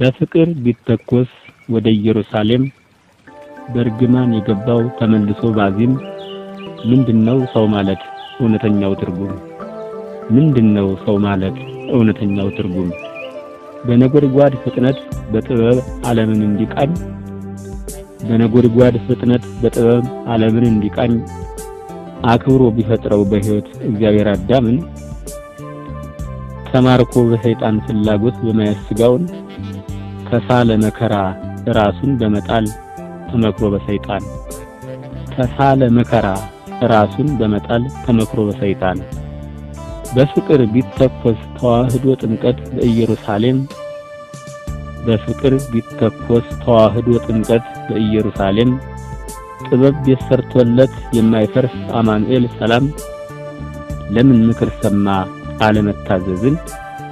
በፍቅር ቢተኮስ ወደ ኢየሩሳሌም በርግማን የገባው ተመልሶ ባዚም። ምንድነው ሰው ማለት እውነተኛው ትርጉም? ምንድነው ሰው ማለት እውነተኛው ትርጉም? በነጎድጓድ ፍጥነት በጥበብ ዓለምን እንዲቃኝ በነጎድጓድ ፍጥነት በጥበብ ዓለምን እንዲቃኝ አክብሮ ቢፈጥረው በሕይወት እግዚአብሔር አዳምን ተማርኮ በሰይጣን ፍላጎት በማያስጋውን ተሳለ መከራ ራሱን በመጣል ተመክሮ በሰይጣን ተሳለ መከራ ራሱን በመጣል ተመክሮ በሰይጣን በፍቅር ቢተኮስ ተዋህዶ ጥምቀት በኢየሩሳሌም በፍቅር ቢተኮስ ተዋህዶ ጥምቀት በኢየሩሳሌም ጥበብ የሰርቶለት ሰርቶለት የማይፈርስ አማኑኤል ሰላም ለምን ምክር ሰማ አለመታዘዝን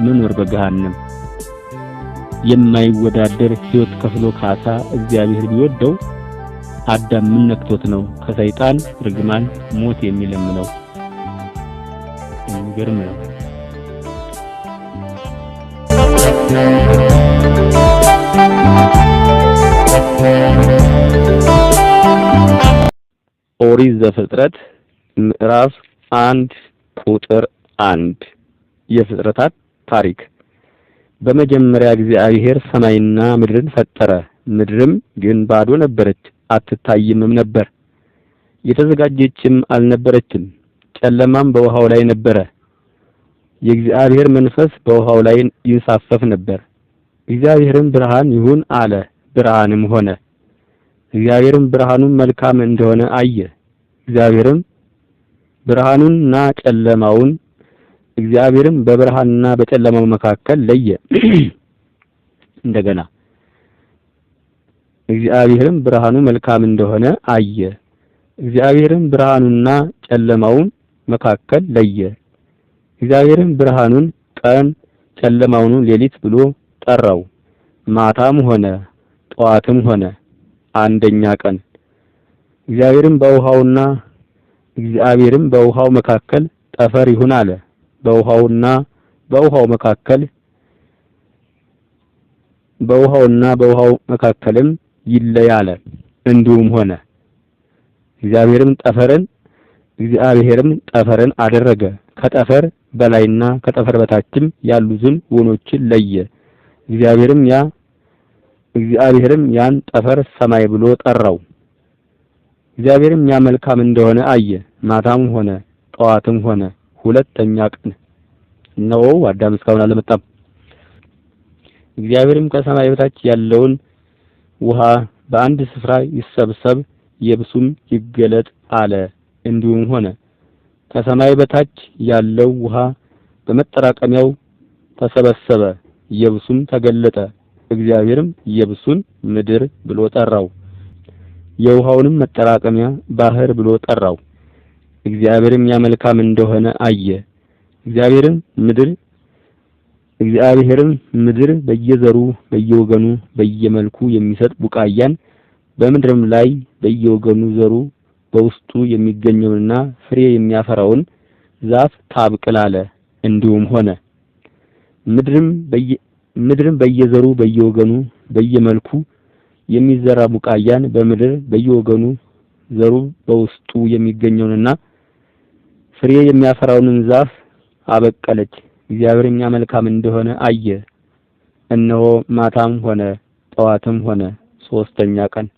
መኖር በገሃነም የማይወዳደር ሕይወት ከፍሎ ካሳ እግዚአብሔር ቢወደው አዳም ምን ነክቶት ነው ከሰይጣን ርግማን ሞት የሚለምነው? የሚገርም ነው። ኦሪት ዘፍጥረት ምዕራፍ አንድ ቁጥር አንድ የፍጥረታት ታሪክ በመጀመሪያ እግዚአብሔር ሰማይና ምድርን ፈጠረ። ምድርም ግን ባዶ ነበረች፣ አትታይምም ነበር፣ የተዘጋጀችም አልነበረችም። ጨለማም በውሃው ላይ ነበረ፣ የእግዚአብሔር መንፈስ በውሃው ላይ ይንሳፈፍ ነበር። እግዚአብሔርም ብርሃን ይሁን አለ፣ ብርሃንም ሆነ። እግዚአብሔርም ብርሃኑን መልካም እንደሆነ አየ። እግዚአብሔርም ብርሃኑንና ጨለማውን እግዚአብሔርም በብርሃንና በጨለማ መካከል ለየ። እንደገና እግዚአብሔርም ብርሃኑ መልካም እንደሆነ አየ። እግዚአብሔርም ብርሃኑና ጨለማውን መካከል ለየ። እግዚአብሔርም ብርሃኑን ቀን ጨለማውን ሌሊት ብሎ ጠራው። ማታም ሆነ ጠዋትም ሆነ አንደኛ ቀን። እግዚአብሔርም በውሃውና እግዚአብሔርም በውሃው መካከል ጠፈር ይሁን አለ። በውሃውና በውሃው መካከል በውሃውና በውሃው መካከልም ይለያለ። እንዲሁም ሆነ። እግዚአብሔርም ጠፈርን እግዚአብሔርም ጠፈርን አደረገ። ከጠፈር በላይና ከጠፈር በታችም ያሉትን ውኖችን ለየ። እግዚአብሔርም ያ እግዚአብሔርም ያን ጠፈር ሰማይ ብሎ ጠራው። እግዚአብሔርም ያ መልካም እንደሆነ አየ። ማታም ሆነ ጠዋትም ሆነ ሁለተኛ ቀን ነው። አዳም እስካሁን አልመጣም። እግዚአብሔርም ከሰማይ በታች ያለውን ውሃ በአንድ ስፍራ ይሰብሰብ፣ የብሱም ይገለጥ አለ። እንዲሁም ሆነ። ከሰማይ በታች ያለው ውሃ በመጠራቀሚያው ተሰበሰበ፣ የብሱም ተገለጠ። እግዚአብሔርም የብሱን ምድር ብሎ ጠራው፣ የውሃውንም መጠራቀሚያ ባህር ብሎ ጠራው። እግዚአብሔርም የሚያመልካም እንደሆነ አየ። እግዚአብሔርም ምድር እግዚአብሔርም ምድር በየዘሩ በየወገኑ በየመልኩ የሚሰጥ ቡቃያን በምድርም ላይ በየወገኑ ዘሩ በውስጡ የሚገኘውንና ፍሬ የሚያፈራውን ዛፍ ታብቅል አለ። እንዲሁም ሆነ። ምድርም በየ ምድርም በየዘሩ በየወገኑ በየመልኩ የሚዘራ ቡቃያን በምድር በየወገኑ ዘሩ በውስጡ የሚገኘውንና ፍሬ የሚያፈራውን ዛፍ አበቀለች። እግዚአብሔር እኛ መልካም እንደሆነ አየ። እነሆ ማታም ሆነ ጠዋትም ሆነ ሶስተኛ ቀን